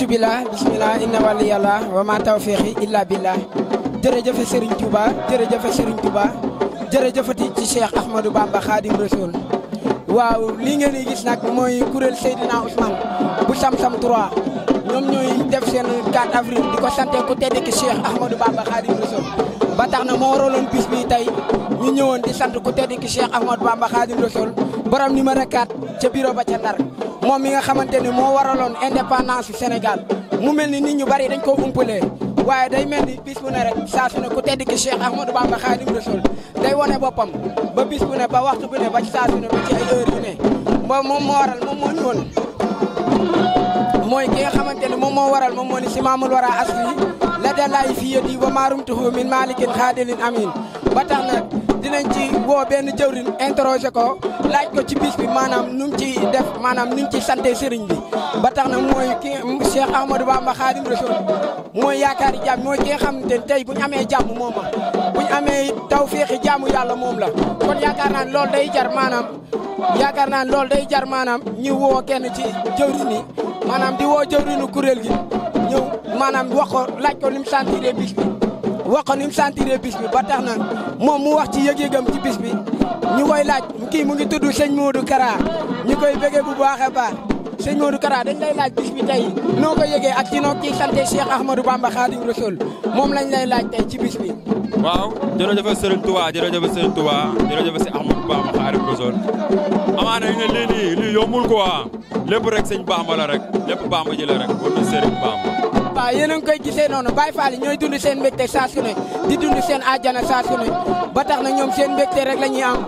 auzu billah bismillah inna waliyallah wa ma tawfiqi illa billah jërëjëfe Serigne Touba jërëjëfe Serigne Touba jërëjëfati ci Cheikh Ahmadou Bamba waaw lii ngeen di gis nag mooy kuréel Seydina Ousmane bu Sam-Sam 3 ñoom ñooy def seen 4 avril di ko sante ku tedd ki Cheikh Ahmadou Bamba Khadim Rasoul ba tax na moo waraloon bis bi tey ñu ñëwoon di sant ku tedd ki Cheikh Ahmadou Bamba Khadim Rasoul borom numéro 4 ca bureau ba ca Ndar moom mi nga xamante ni moo waraloon indépendance du Sénégal mu mel ni nit ñu bari dañ koo umpalee waaye day mel ni bis bu ne rek saa su ne ku tedd ki Cheikh Ahmadou Bamba Khadim Rasoul day wane boppam ba bis bu ne ba waxtu bu ne ba saa su ne ba ci ay heure yu ne ba moom moo waral moom moo woon mooy ki nga xamante ni moom moo waral moom moo ni si maamul wara asli la dalay fiyat yi ba maarum tuhu min malikin xaadilin amin ba tax na dinañ ci woo benn jëwrin interroger ko laaj ko ci bis bi maanaam nu mu ci def maanaam nu mu ci sante sëriñ bi ba tax na mooy ki Cheikh Ahmadou Bamba Khadim Rasoul mooy yaakaari jàmm mooy ki nga xamante ne tey bu ñu amee jàmm moom la bu ñu amee tawféexi jàmm yàlla moom la kon yaakaar naa loolu day jar maanaam yaakaar naa loolu day jar maanaam ñu woo kenn ci jëwrin yi maanaam di woo jëwrinu kuréel gi ñëw maanaam wax ko laaj ko ni mu sentir bi wax ko ni mu sentiree bis bi ba tax moom mu wax ci yëg-yëgam ci bis bi ñu koy laaj kii mu ngi tudd sëñ Modou Kara ñu koy bëggee bu baax a baax sëñ Modou Kara dañ lay laaj bis bi tey noo ko yëgee ak ci noo ciy sante Cheikh Ahmadou Bamba Khadim Rasoul moom lañ lay laaj tey ci bis bi. waaw jërëjëf Serigne Touba jërëjëf Serigne Touba jërëjëf si Ahmadou Bamba Khadim Rasoul amaana ñu ne lii nii lii yombul quoi lépp rek sëñ Bamba la rek lépp Bamba ji waaw yéen a ngi koy gisee noonu Baye Fall yi ñooy dund seen mbégte saa su di dund seen àjjana saa su ne na ñoom seen mbégte rek la ñuy am.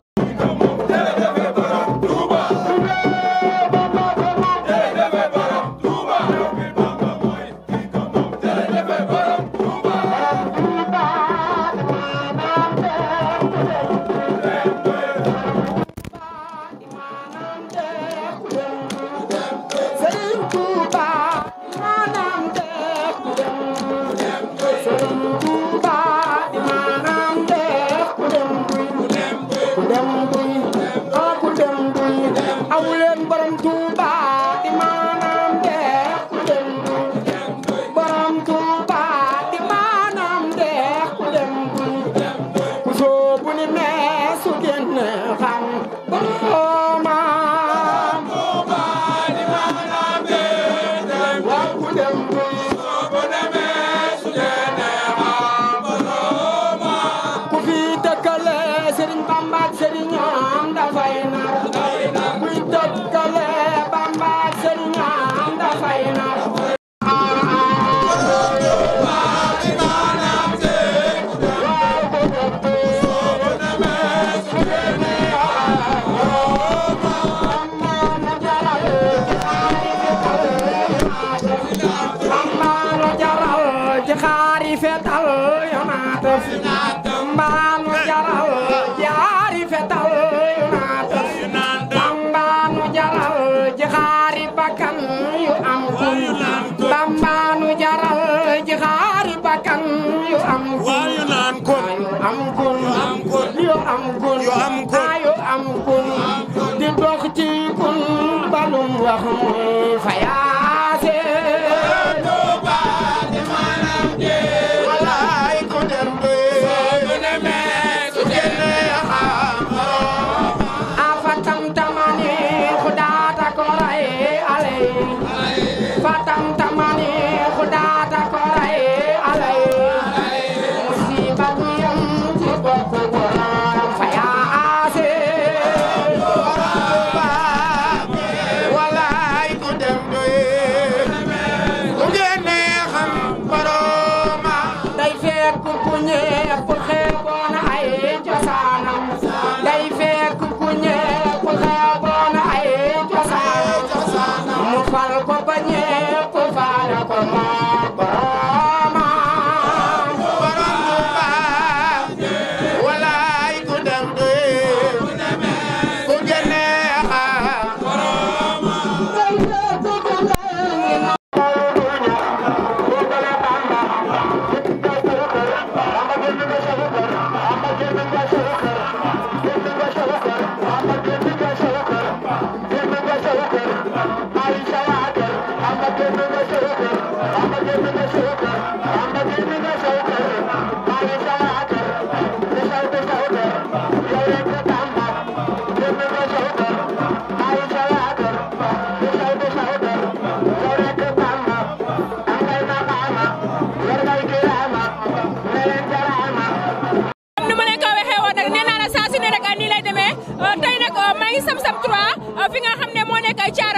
fetal yu naan dëkk Bamba nu jaral ji xaari bakkan yu am kun Bamba nu jaral ji xaari yu am kun yu naan kun yu am kun yu am kun di dox ci kun balum wax muy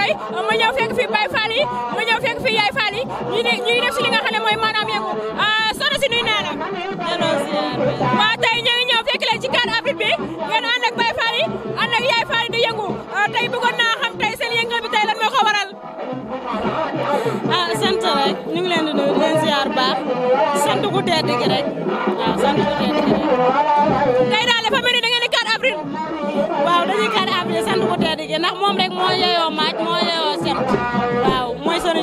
Mbaye ma ñëw fekk fi Baye Fall yi ma ñëw fekk fi Yaay Fall yi ne def si li nga xam ne mooy maanaam yëngu ah, si nuyu naa la. waaw tey ñu fekk leen ci 4 avril bi ngeen ànd ak Fall yi ak Fall di yëngu ah, tey bëggoon naa xam tey seen yëngal bi tey lan ko waral. ah sant rek ñu ngi leen di nuyu leen ziar baax sant bu tedd gi rek waaw ah, sant bu tedd gi rek. tey daal dafa mel da ngeen di 4 avril. waaw dañuy sant tedd gi rek yeyoo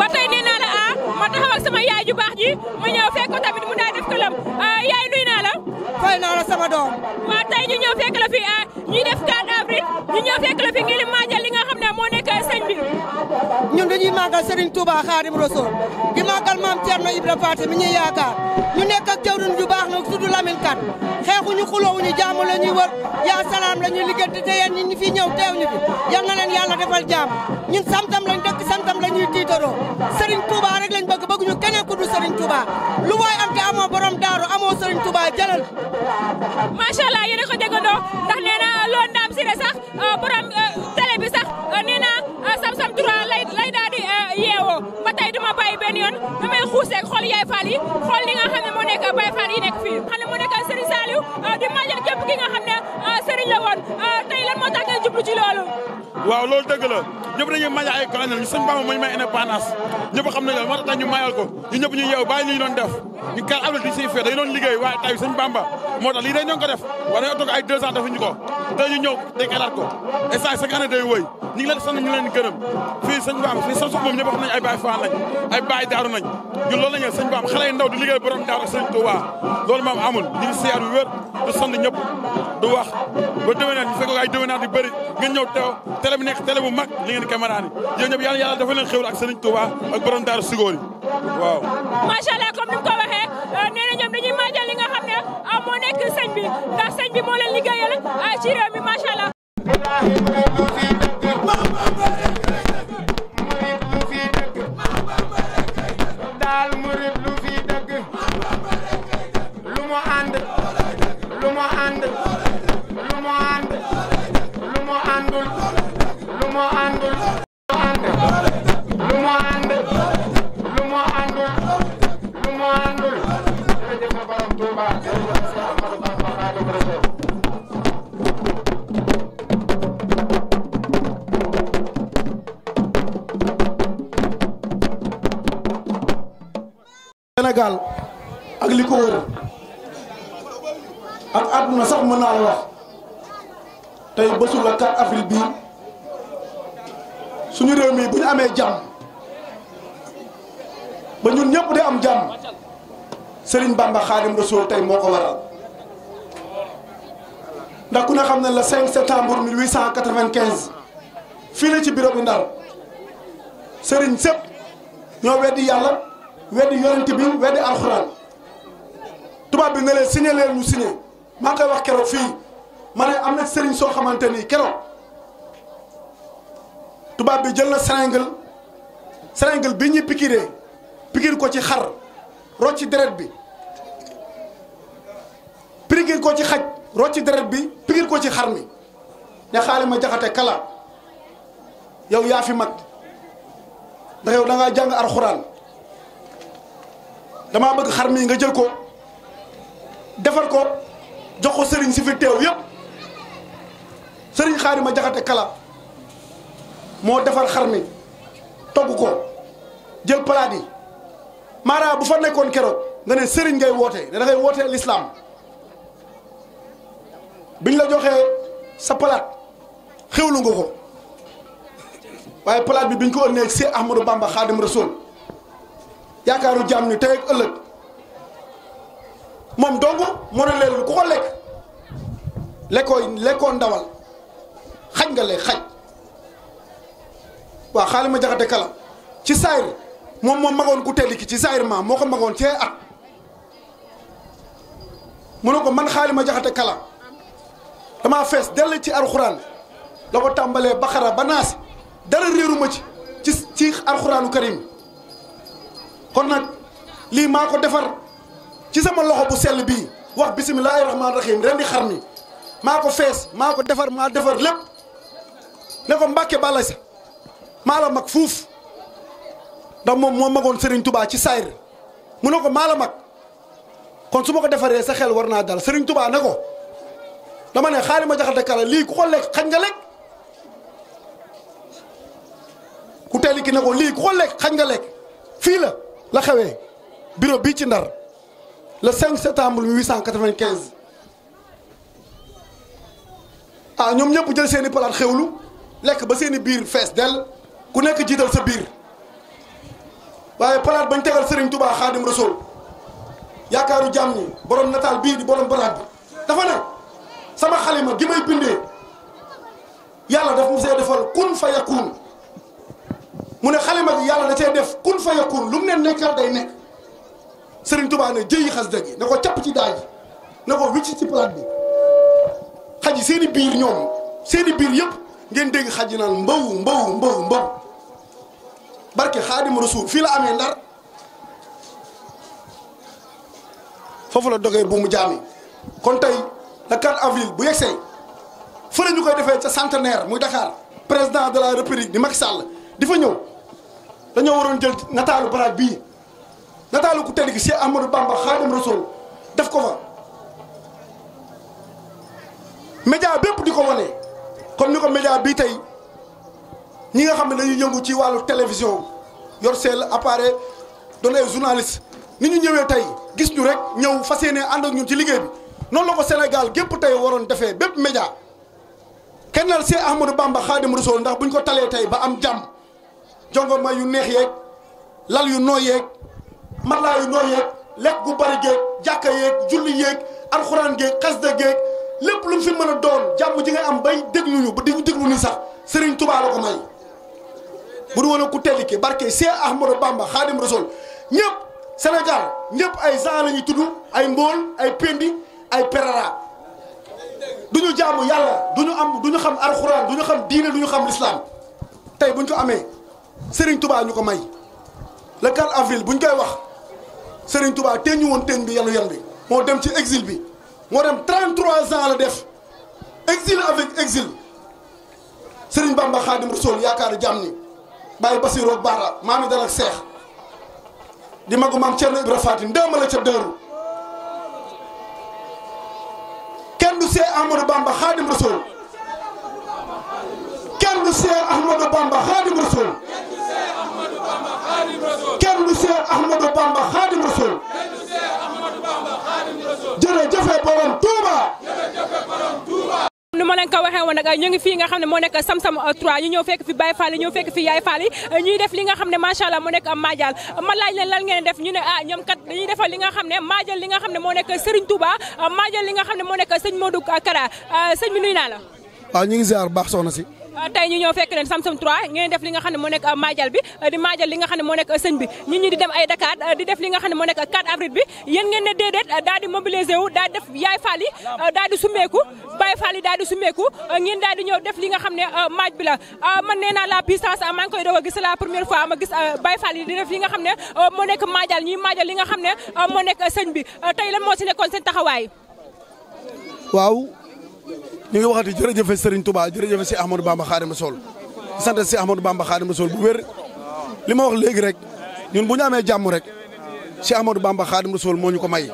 ba tey nee naa la ah ma taxaw ak sama yaay ju ji ma ñëw fekk tamit mu daal def këlam ah, yaay nuy naa la. fay naa la sama doom. waaw tey ñu ñëw fekk la fi ah ñuy def 4 avril ñu ñëw fekk la fi ngir maajal li nga xam ne moo nekk sëñ bi. ñun dañuy màggal Serigne Touba Khadim Rassoul di màggal maam Thierno Ibrahima Faty mi ñuy yaakaar. kat xeexuñu xulowuñu jaamu la ñuy wër yaa salaam la ñuy liggéey te yéen ñi fi ñëw teew ñu fi yal na leen yàlla defal jaam ñun santam lañ dëkk santam la ñuy tiitaroo Serigne Touba rek lañ bëgguñu keneen ku dul Serigne lu waay am te amoo borom daaru amoo Serigne Touba jëlal. macha allah a ko déggandoo ndax nee na loo ndaam si sax euh, borom euh, télé sax euh, nee na. tey duma bàyyi benn yoon damay xuuseeg xool yaay Fall yi xool li nga xam ne moo nekk Baye Fall yi nekk fii xam ne moo nekk Serigne Saliou euh, di màggal képp ki nga xam ne euh, Serigne la woon euh, tey moo tax ngeen waaw loolu dëgg ñëpp dañuy maña ay colonel ñu sëñ Bamba mooy may indépendance ñëpp ñu mayal ko ñu ñëpp ñu yeew bàyyi li ñu doon def ñu kar abdol di siy fee dañu doon liggéey waaye tey sëñ Bamba moo tax lii dañ doon ko def war nañoo toog ay deux ans defuñu ko tey ñu ñëw dekalaat ko et ça chaque année day wëy ñu ngi leen sant ñu leen gërëm fii sëñ Bamba fii sam ay baay daaru nañ ñun loolu la ñu sëñ Bamba xale yu ndaw di liggéey borom daaru ak sëñ Touba loolu moom amul ñu ngi siyaar yu wér di sant ñëpp du wax ba déwénaat ñu fekk ay déwénaat yu bëri ngeen ñëw teew télé bi bu mag li ngeen caméra ni yéen ñëpp yàlla yàlla dafa leen xéwal ak sëriñ Touba ak borom daaru sigóor yi waaw ni mu ko waxee euh, nee na ñoom dañuy maajal li nga xam ne euh, moo nekk sëñ bi ndax moo leen liggéeyal euh, ci réew mi macha ak àdduna sax mën naa la wax tey bésu la 4 avril bii suñu réew mi bu ñu amee jàmm ba ñun ñëpp di am jàmm sëriñ Bamba Khadim Rassoul tey moo ko waral ndax ku ne xam ne le 5 septembre 1895 fii la ci bureau bi Ndar sëriñ sëpp ñoo weddi yàlla weddi yonent bi weddi alxuraan tubaab bi ne leen signé leen ñu signé. maa ngi koy wax keroog fii ma ne am na sëriñ soo xamante ni keroog tubaab bi jël na seringue seringue bi pikir ko ci xar rocc deret bi pikir ko ci xaj rocc deret bi pikir ko ci xar mi ne xaale ma jaxate kala yow yaa fi mag ndax yow da ngaa jàng alxuraan damaa bëgg xar mi nga jël ko defar ko. jox ko sëriñ si fi teew yëpp sëriñ xaarima jaxate kala moo defar xar mi togg ko jël palaat yi maara bu fa nekkoon keroog nga ne sëriñ ngay woote ne da ngay wootee lislaam biñ la joxee sa palaat xewlu nga ko waaye palaat bi biñ ko ënnee ak Seex Ahmadou Bamba Xaadim Rasul yaakaaru jaam ñu tey ëllëg moom dong moo ne leerul ku ko lekk lekkoo lekkoo ndawal xaj nga lekk xaj waaw ma jaxate kala ci saayir moom moo magoon ku teel ki ci saayir ma moo ko magoon ci at mu ne ko man ma jaxate kala damaa fees dell ci alxuraan la ko tàmbalee baxara ba naas dara réeruma ci ci ci alxuraanu karim kon nag lii maa ko defar ci sama loxo bu sell bii wax bisimilahi rahmaani rahim ren di xar mi maa ko fees maa ko defar maa defar lépp ne ko mbàkke bala sa maa la mag fuuf ndax moom moo magoon sëriñ tubaa ci sayr mu ne ko maa la mag kon su ma ko defaree sa xel war naa dal sëriñ Touba ne ko dama ne xaari ma jaxate kala lii ku ko lekk xañ nga lekk ku teel ne ko lii ku ko lekk xañ nga lekk fii la la xewee bureau bii ci ndar le 5 septembre 1895 ah ñoom ñëpp jël seeni i palaat xewlu lekk ba seeni biir fees dell ku nekk jiital sa biir waaye palaat bañ tegal Serigne Touba Xaadim Rasool yaakaaru jàmm ñi borom nataal bii di borom palaat bi dafa ne sama xalima gi may bindee yàlla daf mu see defal kun fa yakun mu ne xalima gi yàlla da cee def kun fa yakun lu mu ne nekkal day nekk. serigne touba ne jeyi xass gi nako ciap ci daaj nako wicc ci plate bi xaji seeni biir ñoom seeni biir yépp ngeen dégg xaji naan mbaw mbaw mbaw mbaw barke khadim rasul fi la amé ndar fofu la dogé bu mu jami kon tay le 4 avril bu yexé fa lañu koy défé ci centenaire muy dakar président de la république di Macky Sall difa ñew dañu waron jël natalu baraj bi nataalu ku tedd gi Cheikh Ahmadou Bamba Xaadim Rasul def ko fa média bépp di ko wane comme ni ko média bii tey ñi nga xam ne dañuy yëngu ci wàllu télévision yor seen appareil doon ay journaliste ni ñu ñëwee tey gis ñu rek ñëw fas yéene ànd ak ci liggéey bi noonu la ko Sénégal gépp tey waroon defee bépp média kennal Cheikh Ahmadou Bamba Xaadim Rasul ndax bu ñu ko talee tey ba am jàmm jongoma yu neex yeeg lal yu nooy yeeg mallaayu noo yeeg lekk gu bari géeg jàkka yeeg julli yéeg alxuraan géeg xasda géeg lépp lu mu fi mën a doon jàmm ji ngay am bay déglu ñu ba di déglu ni sax Serigne Touba la ko may. bu du woon ku tedd ki barke Cheikh Ahmadou Bamba Khadim Rasoul ñëpp Sénégal ñëpp ay gens la ñuy tudd ay Mbóol ay Pendi ay Perara du ñu jaamu yàlla du ñu am du ñu xam alxuraan du ñu xam diine du ñu xam lislaam tey bu ñu ko amee Serigne Touba ñu ko may le 4 avril bu ñu koy wax. Serigne Touba teñu woon teñ bi yanu yan bi moo dem ci exil bi moo dem 33 ans la def exil avec exil Serigne ba Khadim Rasoul yaakaar jàmm ni bàyyi Basirou Bara maam yi dara ak seex di magu maam Thierno Ibra Faty ndéem dëru kenn du see Amadou Bamba Khadim Rasoul kenn du see Ahmadou Bamba Khadim dellu Cheikh Ahmadou Bamba Khadim Rasoul jërëjëfe borom Touba nu ma leen ko waxee woon nag ñu ngi fii nga xam ne moo nekk Sam-Sam 3 ñu ñëw fekk fi Baye Fall ñëw fekk fi Yaay Fall ñuy def li nga xam ne macha allah mu nekk maajal ma laaj leen lan ngeen def ñu ne ah ñoom kat dañuy defal li nga xam ne maajal li nga xam ne moo nekk Serigne Touba maajal li nga xam ne moo nekk sëñ Modou Kara ah, sëñ bi nuyu naa la waaw ah, ñu ngi ziar baax soxna si Euh, tay ñu ñoo fekk leen Samsung 3 ngeen def li nga xamne mo nek nekk euh, maajal bi euh, di maajal li nga xamne mo nek bi ñi ñi di dem ay Dakar di def li nga xamne mo nek 4 avril bi yeen ngeen ne dedet daal di mobiliser wu daal def yaay fali daal di sumeku baay fali daal di sumeku ngeen daal di ñoo def li nga xamne ne maaj bi la man neena la puissance am ngi koy gis la première fois ma gis fali di def li nga xamne mo nek maajal li nga xamne mo nek bi tay lan mo ci nekkon seen taxaway waaw ñu ngi waxati jërëjëfe Serigne Touba jërëjëfe si Ahmadou Bamba Xaadimu Rasuul di si Ahmadou Bamba Xaadimu Rasuul bu wér li ma wax léegi rek ñun bu ñu amee jàmm rek si Ahmadou Bamba Xaadimu Rasuul moo ñu ko may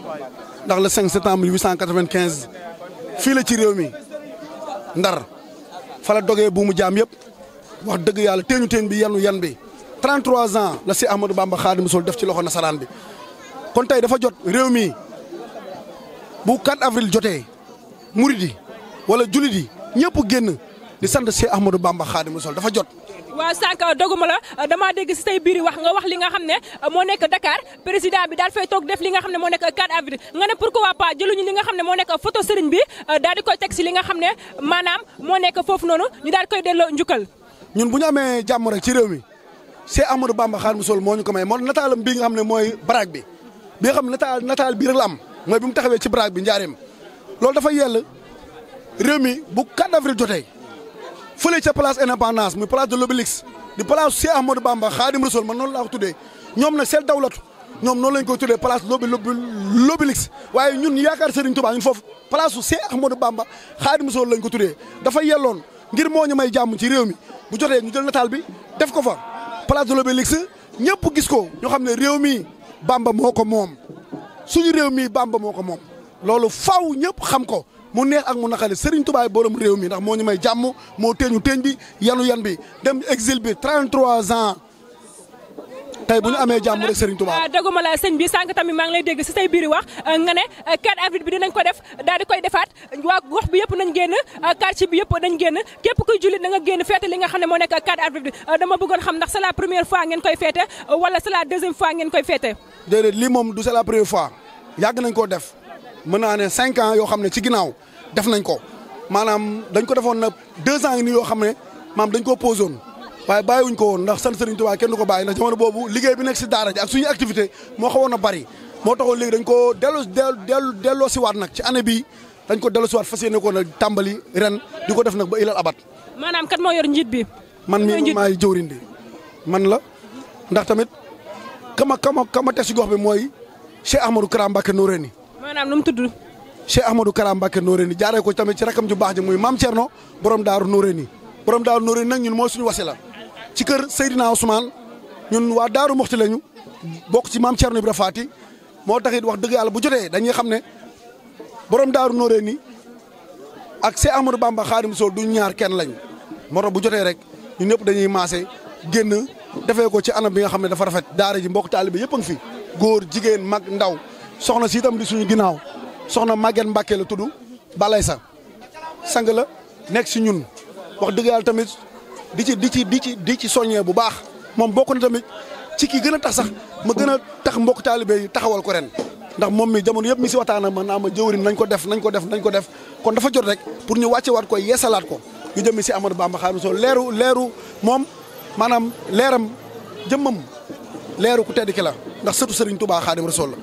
ndax le 5 septembre 1895 fii la ci réew mi ndar fa la dogee bu mu jaam yëpp wax dëgg yàlla teeñu teen bi yanu yan bi 33 ans la si Ahmadou Bamba Xaadimu Rasuul def ci loxo nasaraan bi kon tey dafa jot réew mi bu 4 avril jotee murid yi wala julit yi ñepp genn di sante Cheikh Ahmadou Bamba khadim Rassoul dafa jot wa sank doguma la dama deg ci tay biir wax nga wax li nga xamne euh, mo nek Dakar president bi dal fay tok def li nga xamne mo nek 4 avril nga ne pourquoi pas jëluñu li nga xamne mo nek photo serigne bi euh, dal di koy tek ci li nga xamne manam mo nek fofu nonu ñu dal koy delo ñukal ñun buñu amé jamm rek ci réew mi Cheikh Ahmadou Bamba khadim Rassoul moñu ko may mo natalam bi nga xamne moy mooy bi bi nga xam natal nataal bii rek la am moy bimu taxawé ci baraag bi ndiarém loolu dafa yell réew mi bu 4 avril jotee fële ca place indépendance muy place de l'Obélisque di place Cheikh Ahmadou Bamba Khadim Rassoul man noonu laa ko tuddee ñoom nag seen dawlatu ñoom noon lañ ko tuddee place lobi lobi l'Obélisque waaye ñun yaakaar Serigne Touba ñun foofu place su Cheikh Ahmadou Bamba Khadim Rassoul lañ ko tuddee dafa yelloon ngir moo ñu may jàmm ci réew mi bu jotee ñu jël nataal bi def ko fa place de l'Obélisque ñëpp gis ko ñu xam ne réew mi Bamba moo ko moom suñu réew mi Bamba moo ko moom loolu faaw ñëpp xam ko mu neex ak mu naqari Serigne Touba borom réew mi ndax moo ñu may jàmm moo teeñu teeñ bi yanu yan bi dem exil bi 33 ans. tey bu ñu amee jàmm rek Serigne Touba ah, dëgguma la sëñ bi sànq tamit maa ngi lay dégg si say biir wax ah, nga ne 4 ah, avril bi dinañ ko def daal di koy defaat waa wax bi yëpp nañ génn quartier bi yëpp nañ génn képp kuy jullit na nga génn feete li nga xam ne moo nekk 4 avril bi dama bëggoon xam ndax c'est la première fois ngeen koy feete wala c'est la deuxième fois ngeen moom du c'est nañ koo def mën naa ne 5 yoo xam ne ci ginnaaw def nañ ko maanaam dañ ko defoon nag deux ans nii yoo xam ne maam dañ ko posé woon waaye bàyyiwuñ ko woon ndax sant Serigne Touba kenn du ko bàyyi ndax jamono boobu liggéey bi nekk si daara ji ak suñu activité moo xawoon a bari moo taxoon léegi dañ ko dellu dellu delloo siwaat nag ci année bii dañ ko dellu siwaat fas yéene ko nag tàmbali ren di ko def nag ba ilal abat maanaam kat moo yor njiit bii man mi maay jëwriñ di man la ndax tamit kama kama kama teg si gox bi mooy Cheikh Ahmadou Kara nu mu tudd Cheikh Ahmadou Kara Mbacké Noreyni jaaree ko tamit ci rakam ju baax ji muy maam Thierno borom daaru Noreyni borom daaru Noreyni nag ñun mooy suñu wasila ci kër Seydina Ousmane ñun waa daaru Muxti lañu bokk ci maam bi Ibra Faati moo tax it wax dëgg yàlla bu jotee dañuy xam ne borom daaru Noreyni ak Cheikh Ahmadou Bamba Xaadim soo du ñaar kenn lañu moro bu jotee rek ñun ñëpp dañuy maase génn defee ko ci anam bi nga xam ne dafa rafet daara ji mbokk taalibe yëpp a ngi góor jigéen mag ndaw soxna si itam di suñu ginnaaw. soxna màgget Mbacke la tudd balay sa sang la nekk si ñun wax dëgg yàlla tamit di ci di ci di ci di ci soññee bu baax moom bokk na tamit ci kii gën a tax sax ma gën a tax mbokk taalibe yi taxawal ko ren ndax moom mi jamono yëpp mi si waxtaan ma naa ma jëwriñ nañ ko def nañ ko def nañ ko def kon dafa jot rek pour ñu waat ko yeesalaat ko ñu jëmi si Amadou Bamba Xaadimu Rasuul leeru leeru moom maanaam leeram jëmmam leeru ku tedd ki la ndax sëtu sëriñ Touba Xaadimu Rasuul la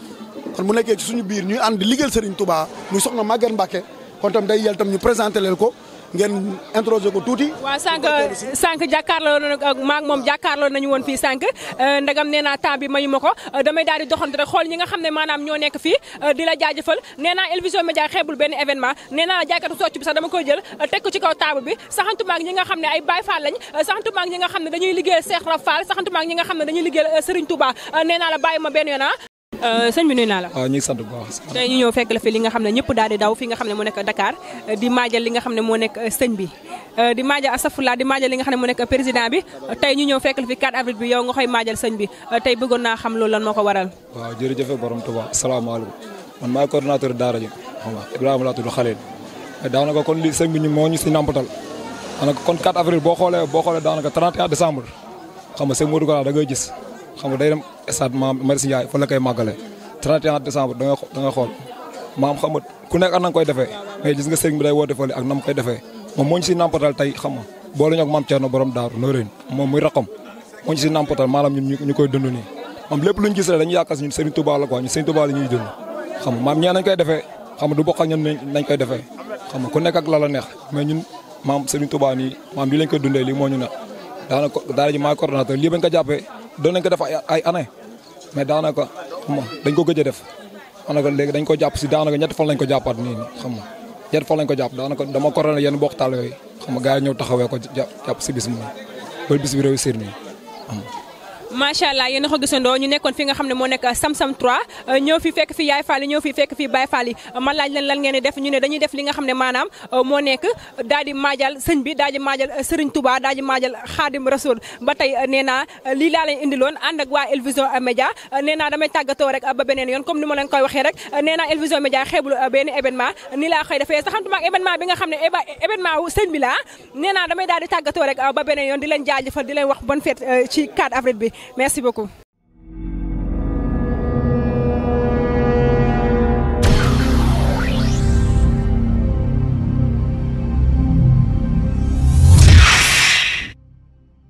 kon mu nekkee ci suñu biir ñuy ànd di liggéeyal Serigne Touba muy soxna Maguette Mbacke kon tam day yel tam ñu présenté ko ngeen introduire ko tuuti. waaw sànq sànq jàkkaarloo na maa moom jàkkaarloo nañu woon fii sànq euh, ndagam nee naa temps bi mayu ma ko euh, damay daal di doxante xool ñi nga xam ne maanaam ñoo nekk fii euh, di la jaajëfal nee naa El Vision Médias benn événement nee naa la jaaykatu socc koy jël teg ko ci kaw table bi ñi nga xam ne ay Baye Fall lañ saxantumaak ñi nga xam ne dañuy liggéeyal Cheikh Rab Fall saxantumaak ñi nga xam ne dañuy liggéeyal Serigne Touba nee naa la bàyyi ma benn yoon ah. Euh, sëñ bi nuyu naa la. waaw ah, ñu ngi sant bu baax. tey ñu ñëw fekk la fi li nga xam ne ñëpp daal di daw fi nga xam ne moo nekk Dakar euh, di maajal li nga xam ne moo nekk euh, sëñ président bi tey ñu ñëw fekk la fi 4 avril bi yow nga koy maajal sëñ bi tey bëggoon naa xam loolu lan moo ko waral. waaw jërëjëf borom Touba salaamaaleykum man maay coordonnateur daara ji xam laa tudd Khalil eh, daanaka kon sëñ bi ñu moo ñu si nàmpatal daanaka kon avril boo xoolee boo xam nga day dem stade maam Marius Ndiaye fa la koy màggale 31 décembre da nga da xool maam xam nga ak na nga koy defee mais gis nga sëriñ bi day woote fële ak na mu koy defee moom moo ñu si nampatal tey xam nga boole ñoog maam Thierno borom daaru Noreen si nampatal maanaam ñun ñu koy dund nii lépp luñ gis rek dañu yaakaar ñun Serigne Touba la quoi ñun Serigne Touba la ñuy dund xam maam ñee koy defee xam du bokk ñun nañ koy defee xam nga ak la neex mais ñun maam Serigne Touba nii maam lii koy dundee lii lii bañ ko doon nañ ko def ay ay mais daanaka xam dañ ko gëj a def daanaka léegi dañ ko jàpp si daanaka ñetti fan lañ ko jàppaat nii xam nga ñetti fan lañ ko jàpp daanaka dama corona yenn bokk taal yooyu xam nga gars yi ñëw taxawee ko jàpp si bis mu ne loolu bis bi réussir nii macha allah yéen a gisandoo ñu nekkoon fi nga xam ne moo nekk sam 3 euh, ñëw fi fekk fi Yaay Fall yi ñëw fi fekk fi Baay Fall yi euh, man laaj leen def ñu ne dañuy def li nga xam ne maanaam euh, moo nekk daal di maajal sëñ bi daal di maajal Serigne Touba daal di maajal ba tey nee naa lii laa leen indiloon ànd ak waa El Média nee naa damay tàggatoo rek ba beneen yoon comme ni ma leen koy waxee rek nee naa El Vision Média xeebul benn événement nii laa koy defee saxantuma ak bi nga xam ne événement wu sëñ bi laa nee damay daal di tàggatoo rek ba beneen yoon di leen jaajëfal di leen wax bonne fête ci 4 avril bi Merci beaucoup.